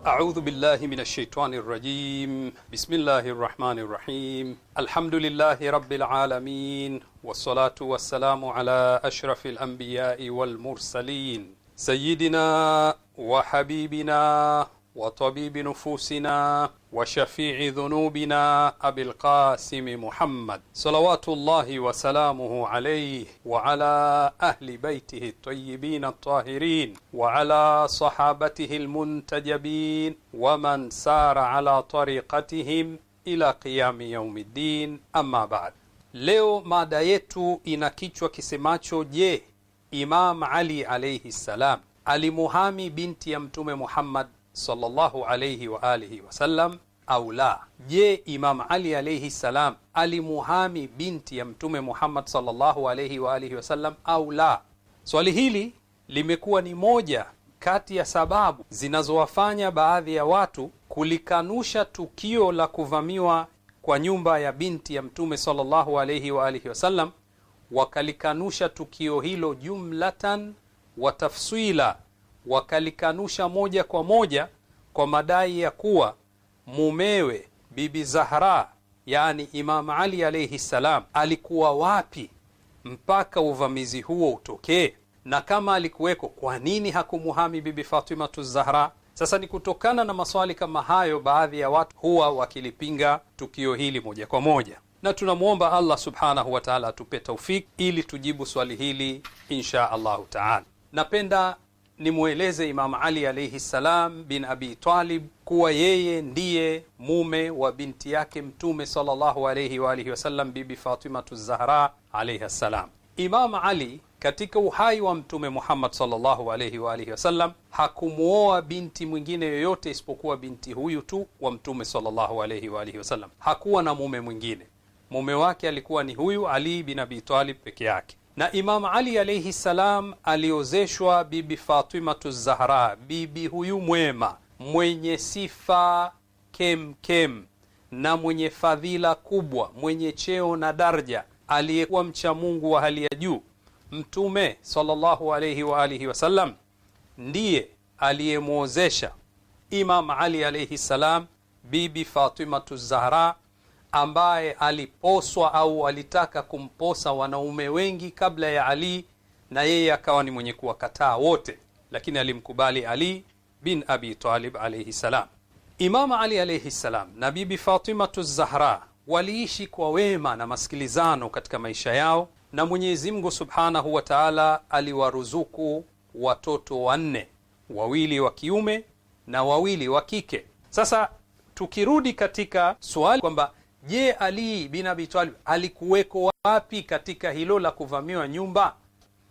أعوذ بالله من الشيطان الرجيم بسم الله الرحمن الرحيم الحمد لله رب العالمين والصلاة والسلام على أشرف الأنبياء والمرسلين سيدنا وحبيبنا وطبيب نفوسنا وشفيع ذنوبنا أبي القاسم محمد صلوات الله وسلامه عليه وعلى أهل بيته الطيبين الطاهرين وعلى صحابته المنتجبين ومن سار على طريقتهم إلى قيام يوم الدين أما بعد Leo mada yetu ina kichwa kisemacho je, Imam Ali alaihi salam alimuhami binti ya Mtume Muhammad sallallahu alayhi wa alihi wasallam au la? Je, Imam Ali alayhi salam alimuhami binti ya Mtume Muhammad sallallahu alayhi wa alihi wasallam au la? Swali hili limekuwa ni moja kati ya sababu zinazowafanya baadhi ya watu kulikanusha tukio la kuvamiwa kwa nyumba ya binti ya Mtume sallallahu alayhi wa alihi wasallam, wakalikanusha tukio hilo jumlatan wa tafsila wakalikanusha moja kwa moja kwa madai ya kuwa mumewe Bibi Zahra, yani Imam Ali alaihi ssalam, alikuwa wapi mpaka uvamizi huo utokee? Na kama alikuweko, kwa nini hakumuhami Bibi Fatimatu Zahra? Sasa ni kutokana na maswali kama hayo, baadhi ya watu huwa wakilipinga tukio hili moja kwa moja, na tunamwomba Allah subhanahu wataala atupe taufik ili tujibu swali hili insha Allahu ta'ala. Napenda nimweleze Imam Ali alaihi ssalam bin Abi Talib kuwa yeye ndiye mume wa binti yake Mtume sallallahu alaihi wasallam, Bibi Fatimatu Zahra alaihi ssalam. Imam Ali katika uhai wa Mtume Muhammad sallallahu alaihi wasallam hakumwoa binti mwingine yoyote isipokuwa binti huyu tu wa Mtume sallallahu alaihi wasallam. Hakuwa na mume mwingine, mume wake alikuwa ni huyu Ali bin Abi Talib peke yake na Imam Ali alayhi salam aliozeshwa Bibi Fatimatu Zahra, bibi huyu mwema mwenye sifa kemkem kem, na mwenye fadhila kubwa, mwenye cheo na darja, aliyekuwa mcha Mungu wa hali ya juu. Mtume sallallahu alayhi wa alihi wasallam ndiye aliyemwozesha Imam Ali alayhi salam Bibi Fatimatu Zahra ambaye aliposwa au alitaka kumposa wanaume wengi kabla ya Ali na yeye akawa ni mwenye kuwakataa wote, lakini alimkubali Ali bin Abi Talib alayhi salam. Imam Ali alayhi salam na Bibi Fatimatu Zahra waliishi kwa wema na masikilizano katika maisha yao, na Mwenyezi Mungu Subhanahu wa Ta'ala aliwaruzuku watoto wanne, wawili wa kiume na wawili wa kike. Sasa tukirudi katika swali kwamba Je, Ali bin Abi Talib alikuweko wapi katika hilo la kuvamiwa nyumba?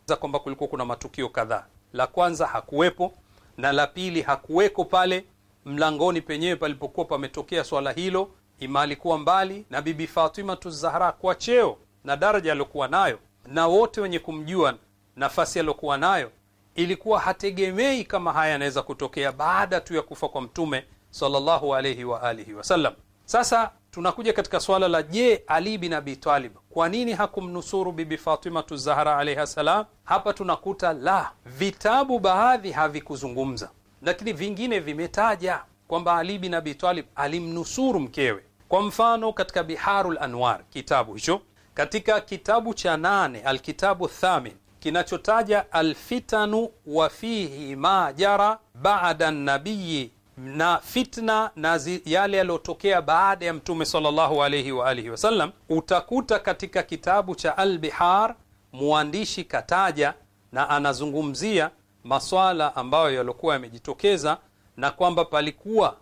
za kwamba kulikuwa kuna matukio kadhaa. La kwanza hakuwepo, na la pili hakuweko pale mlangoni penyewe palipokuwa pametokea swala hilo. Ima alikuwa mbali na Bibi Fatima Tuzahra kwa cheo na daraja aliyokuwa nayo na wote wenye kumjua nafasi aliyokuwa nayo, ilikuwa hategemei kama haya yanaweza kutokea baada tu ya kufa kwa Mtume sallallahu alayhi wa alihi wasallam. Sasa tunakuja katika swala la je, Ali bin Abi Talib kwa nini hakumnusuru Bibi Fatimatu Zahra alaihi salam? Hapa tunakuta la vitabu baadhi havikuzungumza, lakini vingine vimetaja kwamba Ali bin Abi Talib alimnusuru mkewe. Kwa mfano katika biharu lanwar kitabu hicho katika kitabu cha nane, alkitabu thamin kinachotaja alfitanu wa fihi ma jara baada nabiyi na fitna na zi, yale yaliyotokea baada ya Mtume sallallahu alayhi wa alihi wasallam, utakuta katika kitabu cha Albihar mwandishi kataja na anazungumzia maswala ambayo yaliokuwa yamejitokeza na kwamba palikuwa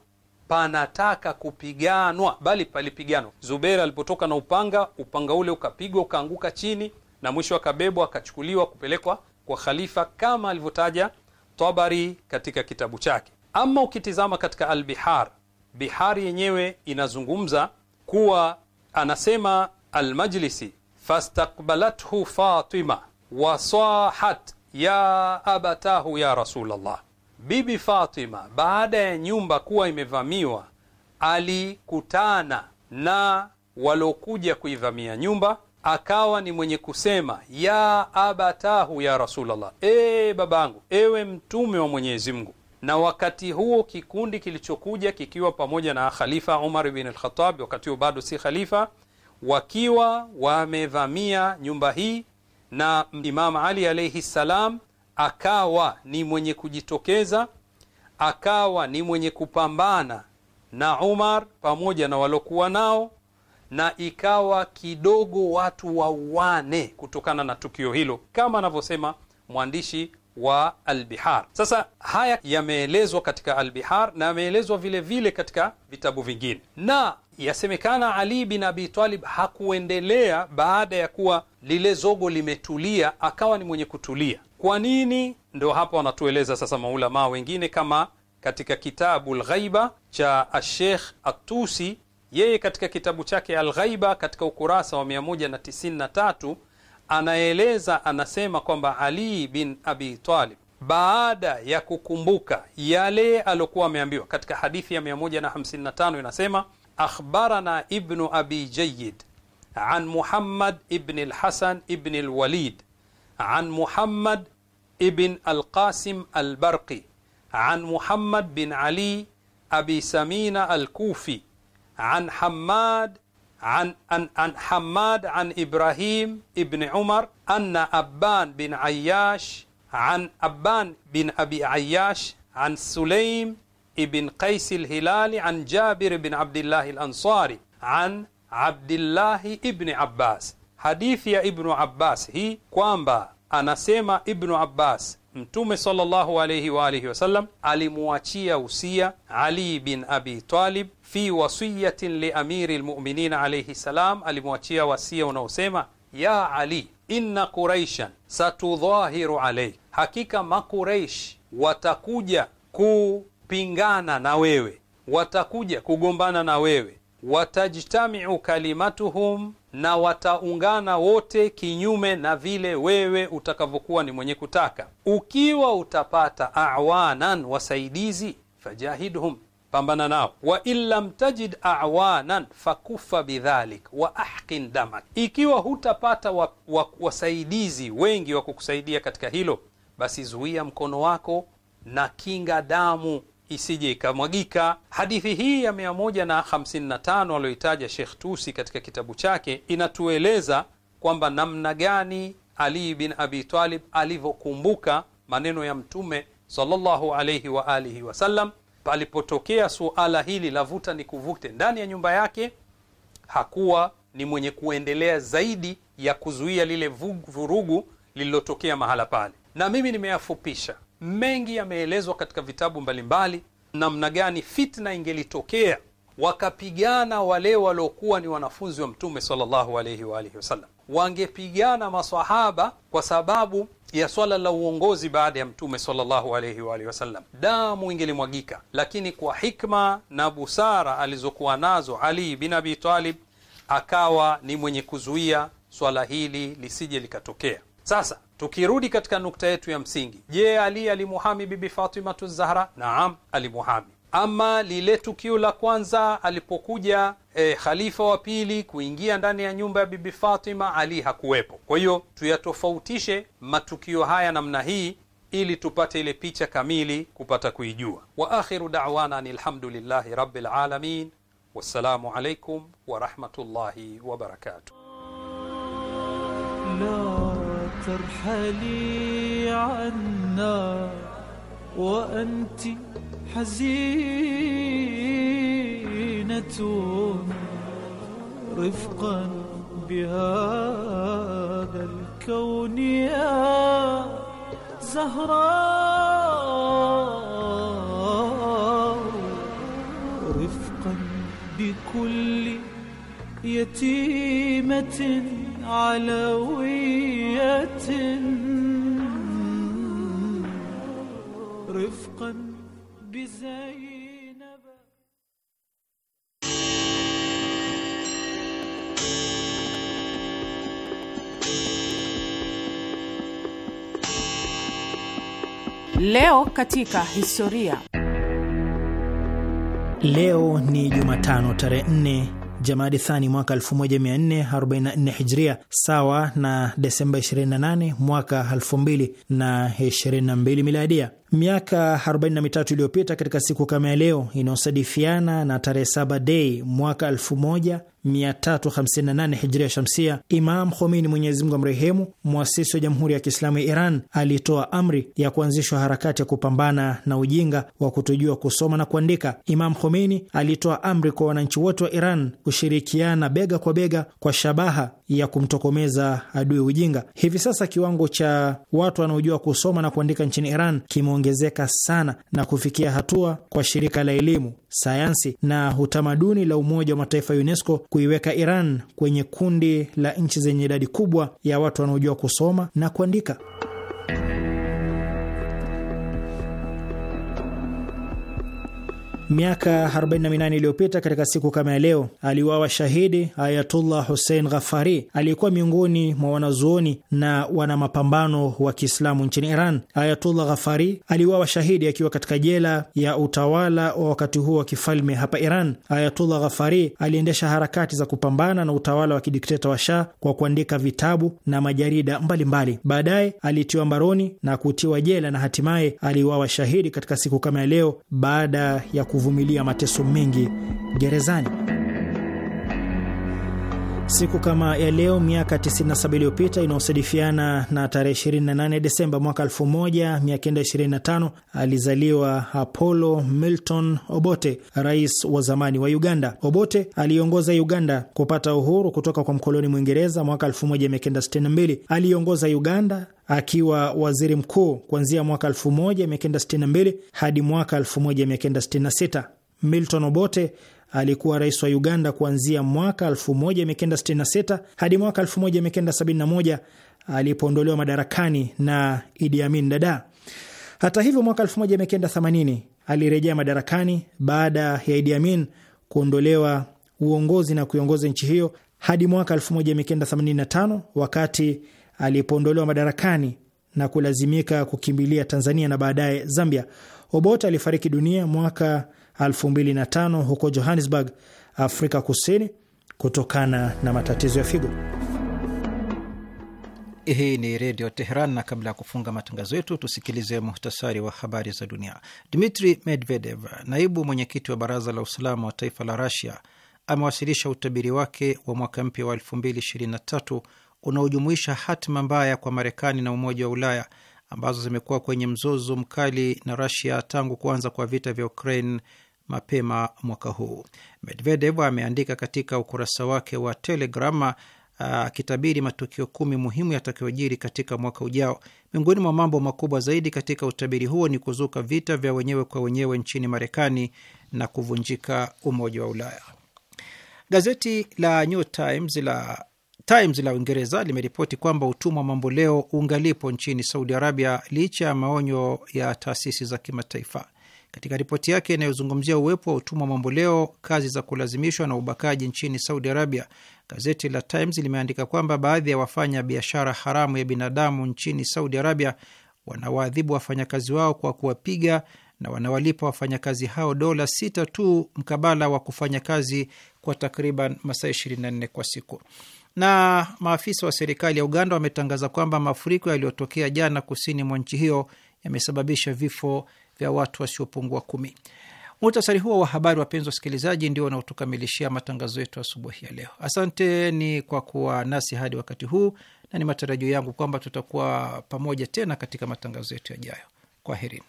panataka kupiganwa, bali palipiganwa. Zuberi alipotoka na upanga, upanga ule ukapigwa ukaanguka chini, na mwisho akabebwa akachukuliwa kupelekwa kwa khalifa, kama alivyotaja Tabari katika kitabu chake. Ama ukitizama katika Albihar, Bihar yenyewe inazungumza kuwa anasema Almajlisi, fastakbalathu Fatima wasahat ya abatahu ya Rasulullah. Bibi Fatima baada ya nyumba kuwa imevamiwa, alikutana na waliokuja kuivamia nyumba, akawa ni mwenye kusema ya abatahu ya Rasulullah, e babangu, ewe mtume wa Mwenyezi Mungu na wakati huo kikundi kilichokuja kikiwa pamoja na Khalifa Umar bin lkhatab wakati huo bado si khalifa, wakiwa wamevamia nyumba hii, na Imam Ali alaihi salam akawa ni mwenye kujitokeza, akawa ni mwenye kupambana na Umar pamoja na waliokuwa nao, na ikawa kidogo watu wawane kutokana na tukio hilo, kama anavyosema mwandishi wa Albihar. Sasa haya yameelezwa katika Albihar na yameelezwa vile vile katika vitabu vingine, na yasemekana Ali bin Abi Talib hakuendelea baada ya kuwa lile zogo limetulia, akawa ni mwenye kutulia. Kwa nini? Ndo hapa wanatueleza sasa maulamaa wengine kama katika kitabu lghaiba cha Ashekh Atusi, yeye katika kitabu chake Alghaiba katika ukurasa wa 193 anaeleza anasema kwamba Ali bin Abi Talib baada ya kukumbuka yale aliokuwa ameambiwa katika hadithi ya 155 inasema akhbarana ibnu abi jayid an Muhammad ibn al ibn al an Muhammad ibn alqasim albarqi an Muhammad bin Ali abi Samina alkufi an Hammad عن, عن, عن حماد عن إبراهيم ابن عمر أن أبان بن عياش عن أبان بن أبي عياش عن سليم ابن قيس الهلالي عن جابر بن عبد الله الأنصاري عن عبد الله ابن عباس يا ابن عباس هي كوامبا انا سيما ابن عباس Mtume sallallahu alayhi wa alihi wasallam alimwachia usia Ali bin Abi Talib fi wasiyatin li lmuminin alayhi salam, alimuachia wasia unaosema: ya Ali, inna quraishan satudhahiru alayk, hakika Makuraish watakuja kupingana na wewe, watakuja kugombana na wewe, watajtamiu kalimatuhum na wataungana wote kinyume na vile wewe utakavyokuwa ni mwenye kutaka. Ukiwa utapata awanan, wasaidizi, fajahidhum, pambana nao. Wa in lam tajid awanan fakufa bidhalik wa ahqin damak, ikiwa hutapata wa, wa, wasaidizi wengi wa kukusaidia katika hilo, basi zuia mkono wako na kinga damu isije ikamwagika. Hadithi hii ya 155 aliyoitaja Sheikh Tusi katika kitabu chake inatueleza kwamba namna gani Ali bin Abi Talib alivyokumbuka maneno ya Mtume sallallahu alayhi wa alihi wasallam palipotokea suala hili la vuta ni kuvute ndani ya nyumba yake, hakuwa ni mwenye kuendelea zaidi ya kuzuia lile vurugu lililotokea mahala pale, na mimi nimeyafupisha mengi yameelezwa katika vitabu mbalimbali, namna gani fitna ingelitokea wakapigana wale waliokuwa ni wanafunzi wa Mtume sallallahu wasallam, wangepigana masahaba kwa sababu ya swala la uongozi baada ya Mtume sallallahu wasallam, damu ingelimwagika. Lakini kwa hikma na busara alizokuwa nazo Ali bin Abi Talib akawa ni mwenye kuzuia swala hili lisije likatokea. Sasa Tukirudi katika nukta yetu ya msingi, je, Ali alimuhami Bibi Fatimatu Zahra? Naam, alimuhami. Ama lile tukio la kwanza alipokuja e, khalifa wa pili kuingia ndani ya nyumba ya Bibi Fatima, Ali hakuwepo. Kwa hiyo tuyatofautishe matukio haya namna hii ili tupate ile picha kamili kupata kuijua. Wa akhiru da'wana alhamdulillahi rabbil alamin, wassalamu alaikum warahmatullahi wabarakatuh. no. ترحلي عنا وأنت حزينة رفقا بهذا الكون يا زهراء رفقا بكل يتيمة Leo katika historia. Leo ni Jumatano tarehe 4 Jamadi Thani mwaka 1444 Hijria, sawa na Desemba 28 mwaka 2022 Miladia. Miaka 43 iliyopita katika siku kama ya leo inayosadifiana na tarehe 7 Dei mwaka 1358 hijria shamsia, Imam Khomeini, Mwenyezi Mungu amrehemu, mwasisi wa Jamhuri ya Kiislamu ya Iran, alitoa amri ya kuanzishwa harakati ya kupambana na ujinga wa kutojua kusoma na kuandika. Imam Khomeini alitoa amri kwa wananchi wote wa Iran kushirikiana bega kwa bega kwa shabaha ya kumtokomeza adui ujinga. Hivi sasa kiwango cha watu wanaojua kusoma na kuandika nchini Iran kimeongezeka sana na kufikia hatua kwa shirika la elimu, sayansi na utamaduni la Umoja wa Mataifa ya UNESCO kuiweka Iran kwenye kundi la nchi zenye idadi kubwa ya watu wanaojua kusoma na kuandika. Miaka 48 iliyopita katika siku kama ya leo aliuawa shahidi Ayatullah Hussein Ghafari aliyekuwa miongoni mwa wanazuoni na wana mapambano wa Kiislamu nchini Iran. Ayatullah Ghafari aliuawa shahidi akiwa katika jela ya utawala wa wakati huo wa kifalme hapa Iran. Ayatullah Ghafari aliendesha harakati za kupambana na utawala wa kidikteta wa Shah kwa kuandika vitabu na majarida mbalimbali. Baadaye alitiwa mbaroni na kutiwa jela na hatimaye aliuawa shahidi katika siku kama ya leo baada ya kuvumilia mateso mengi gerezani. Siku kama ya leo miaka 97 iliyopita inaosadifiana na tarehe 28 Desemba mwaka 1925 alizaliwa Apollo Milton Obote, rais wa zamani wa Uganda. Obote aliongoza Uganda kupata uhuru kutoka kwa mkoloni Mwingereza mwaka 1962. Aliongoza Uganda akiwa waziri mkuu kuanzia mwaka 1962 hadi mwaka 1966. Milton Obote alikuwa rais wa Uganda kuanzia mwaka 1966 hadi mwaka 1971 alipoondolewa madarakani na Idi Amin Dada. Hata hivyo, mwaka 1980 alirejea madarakani baada ya Idi Amin kuondolewa uongozi na kuiongoza nchi hiyo hadi mwaka 1985 wakati alipoondolewa madarakani na kulazimika kukimbilia Tanzania na baadaye Zambia. Obote alifariki dunia mwaka 2005 huko Johannesburg, Afrika Kusini, kutokana na matatizo ya figo. Hii ni Redio Teheran, na kabla ya kufunga matangazo yetu tusikilize muhtasari wa habari za dunia. Dmitri Medvedev, naibu mwenyekiti wa baraza la usalama wa taifa la Rasia, amewasilisha utabiri wake wa mwaka mpya wa 2023 unaojumuisha hatima mbaya kwa Marekani na Umoja wa Ulaya ambazo zimekuwa kwenye mzozo mkali na Rasia tangu kuanza kwa vita vya Ukraine mapema mwaka huu. Medvedev ameandika katika ukurasa wake wa Telegram uh, akitabiri uh, matukio kumi muhimu yatakayojiri katika mwaka ujao. Miongoni mwa mambo makubwa zaidi katika utabiri huo ni kuzuka vita vya wenyewe kwa wenyewe nchini Marekani na kuvunjika Umoja wa Ulaya. Gazeti la New Times la Times la Uingereza limeripoti kwamba utumwa mamboleo ungalipo nchini Saudi Arabia licha ya maonyo ya taasisi za kimataifa. Katika ripoti yake inayozungumzia uwepo wa utumwa mamboleo, kazi za kulazimishwa na ubakaji nchini Saudi Arabia, gazeti la Times limeandika kwamba baadhi ya wafanya biashara haramu ya binadamu nchini Saudi Arabia wanawaadhibu wafanyakazi wao kwa kuwapiga na wanawalipa wafanyakazi hao dola sita tu mkabala wa kufanya kazi kwa takriban masaa 24 kwa siku. Na maafisa wa serikali ya Uganda wametangaza kwamba mafuriko yaliyotokea jana kusini mwa nchi hiyo yamesababisha vifo vya watu wasiopungua kumi. Muhtasari huo wa habari, wapenzi wasikilizaji, ndio wanaotukamilishia matangazo yetu asubuhi ya leo. Asanteni kwa kuwa nasi hadi wakati huu, na ni matarajio yangu kwamba tutakuwa pamoja tena katika matangazo yetu yajayo. Kwaherini.